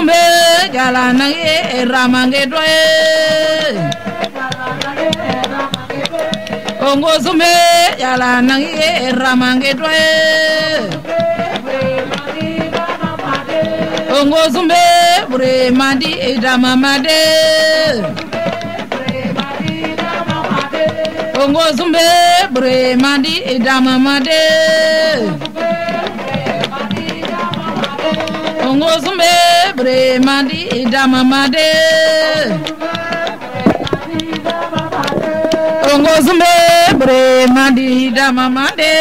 kumbe jala ongo zumbe jala nange ramange doye ongo ngozumbe bre mandi dama made ngozumbe bre mandi dama made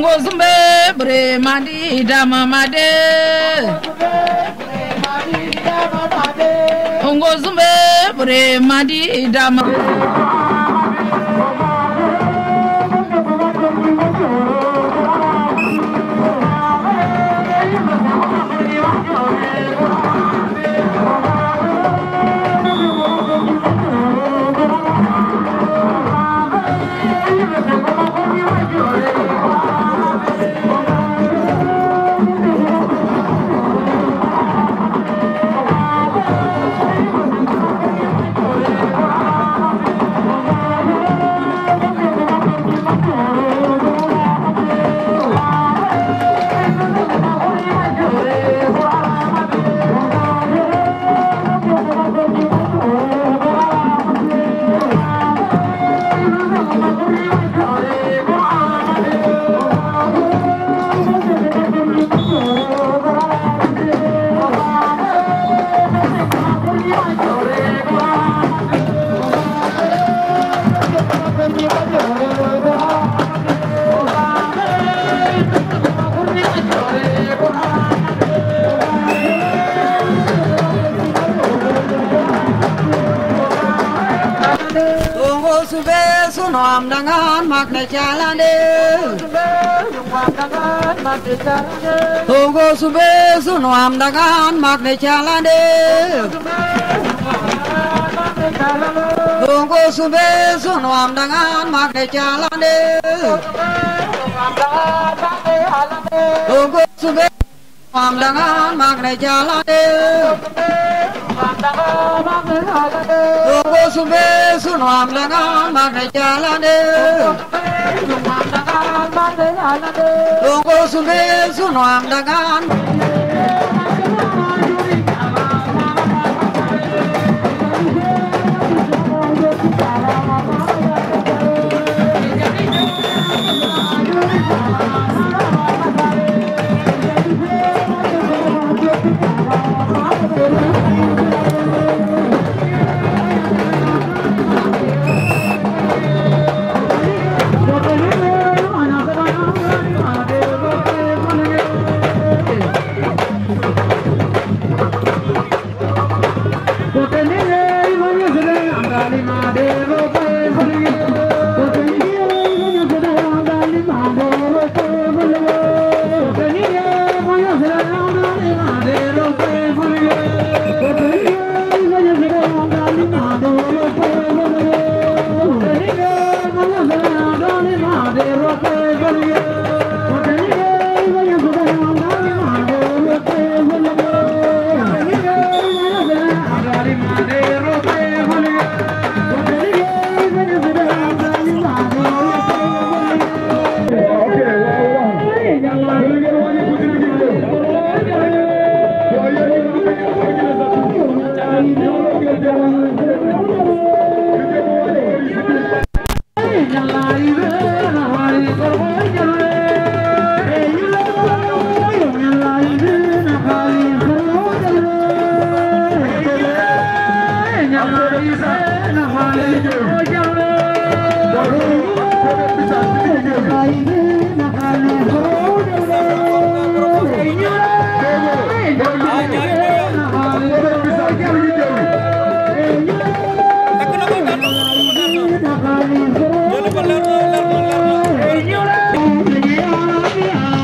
ngozumbe bre mandi dama made ngozumbe bre mandi Wamdangan makne calande Tunggu sube sun wamdangan makne calande Tunggu sube sun wamdangan makne calande Tunggu sube wamdangan makne calande Nungo sumbe sunuam langa mane jalane Nungo sumbe sunuam langa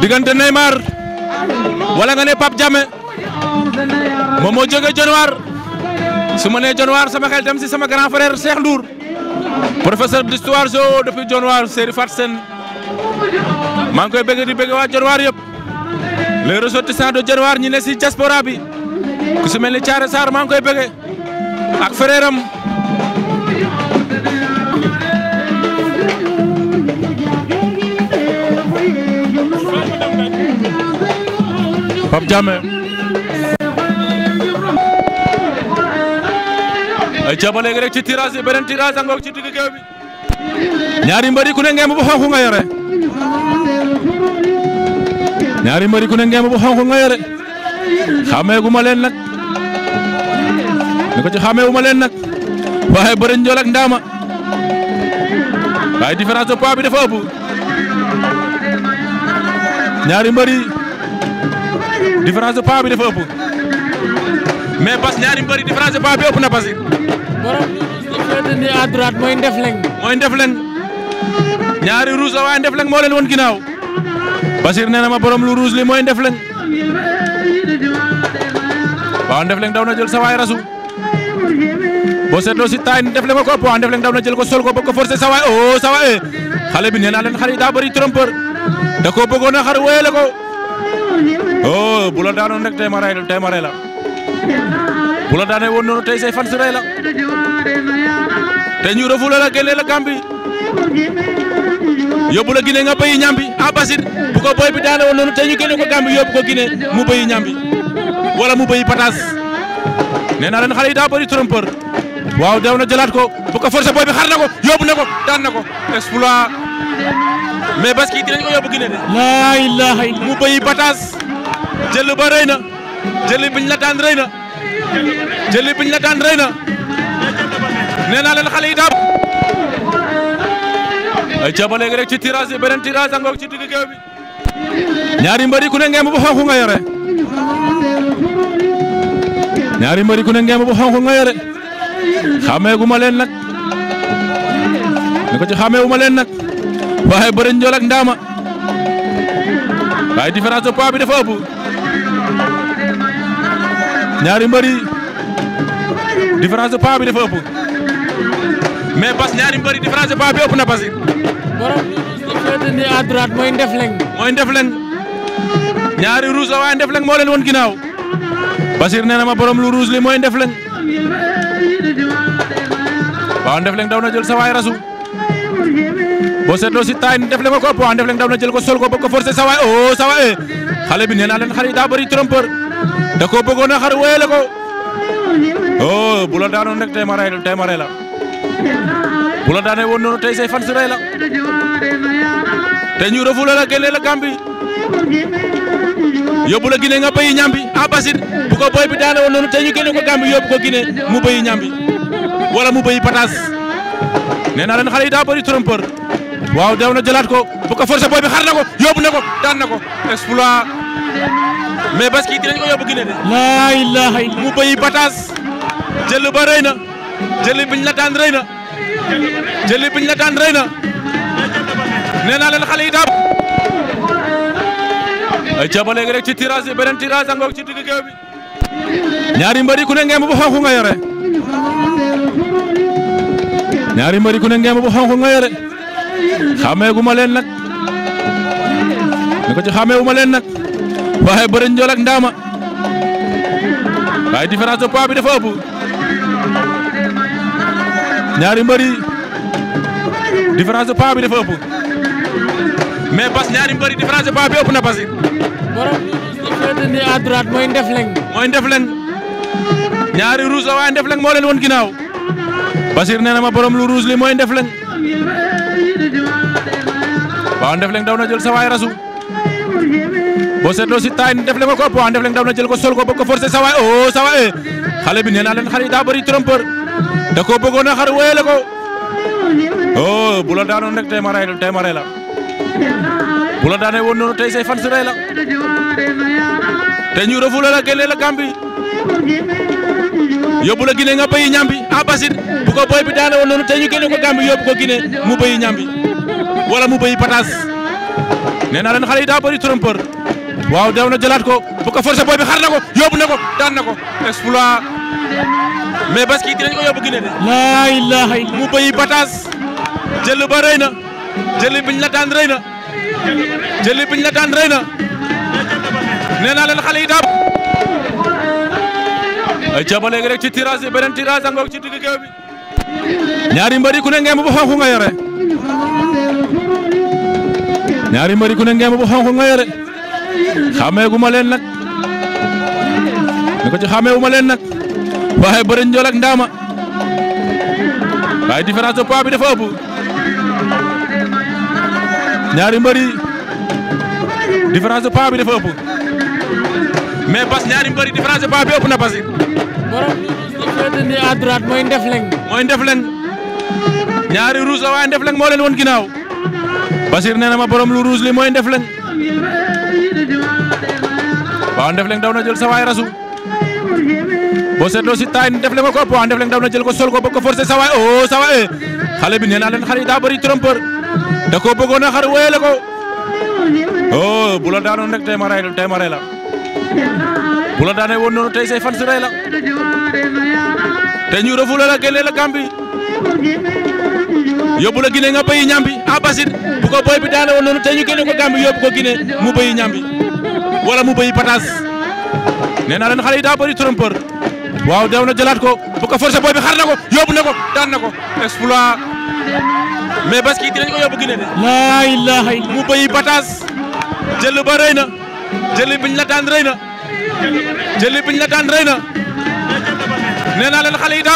diggante Neymar wala nga ne Pape Diame moom moo jóge su ma nee John Waar sama xel dem si sama grand frère Cheikh Ndour professeur d'histoire géo depuis John Waar Seri Fat maa ngi koy bëgg di bëgg waa John Waar yëpp les ressortissants de John ñi ne si diaspora bi ku si mel ni Thiaré Sarr maa ngi koy bëgg ak frère am Pape ay ca ba léegi rek ci tirage beneen tirage angoog ci digg géew ñaari mbëri ku ne ngeem bu xonq nga yore ñaari mbëri ne ngeem bu xonq nga yore gu ma leen nag ne ko ci xamee gu ma leen nag waaye bëri njool ak ndaama waaye différence de poids bi dafa ëpp ñaari mbëri différence de poids bi dafa ëpp mais ñaari mbëri différence de poids bi na parce borom rouge la féete nii à droite mooy Ndefleng. ñaari rouge la waaye moo leen woon ginnaaw Basir nee na ma borom lu rouge li mooy Ndefleng waaw Ndefleng daw na jël sa waay rasu boo seetloo si taay Ndefleng ko ëpp waaw Ndefleng daw na jël ko sol ko bëgg ko forcer sa waay oh xale bi nee naa leen xale yi daa bëri trompeur da koo bëggoon a xar wéyale ko oh daanoon rek tey ma la. bu la daanee woon noonu tey say fan si rey la te ñu refoulé la génne la Gambie yóbbu la Guinée nga béyi ñambi ah Basir bu ko boy bi daane woon noonu yóbbu ko Guinée mu ñambi wala mu béyi pataas nee naa xale yi daa bëri waaw dew na jëlaat ko bu ko forcé boy bi ko yóbbu ko daan ko exploit mais parce que dinañ ko yóbbu Guinée laa ilaaha mu béyi pataas jël ba rëy na jël biñ la daan rëy jëli biñ la daan rëy na nee naa leen xale yi ay jaba rek ci tirage bi beneen tirage angoog ci digg géew bi. ñaari mbëri ku ne ngeem bu xonq nga yore. ñaari mbëri ku ne ngeem bu xonq nga yore. xamee gu leen nag. ni ko ci xamee gu leen nag. waaye bëri njool ndaama. waaye différence de poids bi dafa ñaari mbëri différence de pas bi dafa ëpp mais bas ñaari mbëri différence de pas bi ëpp na basi. borom li à droite mooy Ndefleng. ñaari rouge la waaye Ndefleng moo leen woon ginnaaw Basir nee na ma borom lu rouge li mooy Ndefleng waaw Ndefleng daw na jël sa waay rasu boo seetloo si taay Ndefleng nga ëpp waaw Ndefleng daw na jël ko sol ko ba ko forcer sa waay oh xale bi nee leen xale daa bëri trompeur. da koo bëggoon a xar wéyale ko oh bu la daanoon rek tey ma rey tey ma rey la bu la daanee woon noonu tey say fan si rey la te ñu refoulé la génne la Gàmbi yóbbu la Guinée nga béyi ñambi a basin bu ko boy tey ñu génne ko Gàmbi yóbbu ko Guinée mu béyi ñambi wala mu béyi pataas nee naa leen xale waaw dew na jëlaat ko bu ko forcé xar na ko yóbbu ko daan na ko exploit mais Baski dinañ ko yóbbu Guinée de. laa ilaaha mu béyi bataas jël ba rëy jël biñ la daan rëy na jël biñ la daan rëy na nee naa leen xale yi daal. ay ca ba rek ci tirage bi beneen tirage angoog ci digg ñaari mbëri ku ne ngeem bu xonq nga yore. ñaari mbëri ku ne ngeem bu xonq nga yore. xàmmeegu ma leen nag. ni ko ci xàmmeegu ma leen nag. waaye bëri njool ak ndaama waaye différence de poids bi dafa ëpp ñaari mbër différence de poids bi dafa ëpp mais bas ñaari mbër yi différence de poids bi ëpp na basi. borom mooy Ndefleng. mooy ñaari rouge a waaye Ndefleng moo leen won ginnaaw Basir nee na ma borom lu rouge li mooy Ndefleng waaw Ndefleng daw na jël sa waay rasu. boo seetloo si taay def leen ko ëpp waan def leen daw na jël ko sol ko bëgg ko forcer sa waay oh sa waay eh. xale bi nee naa leen xale yi daa bëri trompeur da koo bëggoon a xar wéyale ko oh, bu la daanoon rek tey ma bu la daanee woon noonu tey say fan si ñu refoulé la génne la Gambie yóbbu la Guinée nga béyi ñambi ah Basir bu ko boy bi daanee woon noonu tey ñu génne ko Gambie yóbbu ko Guinée mu béyi ñambi wala mu béyi pataas nee leen xale yi daa bëri trompeur. waaw daw na jëlaat ko bu ko forcé booy bi xar na ko yóbbu na ko daan na ko exploit mais bas kii dinañ ko de. laa ilaaha mu bëyi bataas jël ba rëy na jël biñ la daan rëy na jël biñ la daan rëy na nee naa leen xale yi daa. ay jaba léegi rek ci tirage bi beneen tirage angoog ci digg géew bi. ñaari mbëri ku ne ngeen bu xonq nga yore. ñaari mbëri ku ne ngeen bu xonq nga xàmmeegu ma leen nag ne ko ci xàmmeegu ma leen nag waaye bëri njool ak ndaama waaye différence de poids bi dafa ëpp ñaari mbër yi différence de poids bi dafa ëpp mais bas ñaari mbër yi différence de poids ëpp na basi. borom li ñu à droite mooy Ndefleng. mooy Ndefleng ñaari rouge la waaye Ndefleng moo leen won ginnaaw Basir nee na ma lu rouge li mooy Ndefleng. waaw Ndefleng daw na jël sa waay rasu boo si taay Ndefleng ko ëpp waaw Ndefleng daw na jël ko sol ko bëgg ko forcer sa waay oh sa waay eh. xale bi nee naa leen xale daa bëri trompeur da koo bëggoon a xar wéyale ko oh bu la daanoon rek tey ma rey tey ma rey la bu la daanee woon noonu tey say fan si rey te ñu refoulé la génnee la Gàmbi yóbbu la Guinée nga béyi ñambi ah Basir bu ko boy bi daanee woon noonu tey ñu génne ko Gàmbi yóbbu ko Guinée mu béyi ñambi. wala mu bëy patas nee naa leen xale yi daa bëri trompeur waaw dew na jëlaat ko bu ko forcé booy bi xar na ko yóbbu na ko daan na ko exploit mais bas kii dinañ ko yóbbu Guinée de. laa ilaaha mu bëy patas jël ba rëy na jël biñ la daan rëy na jël biñ la daan rëy na nee leen xale yi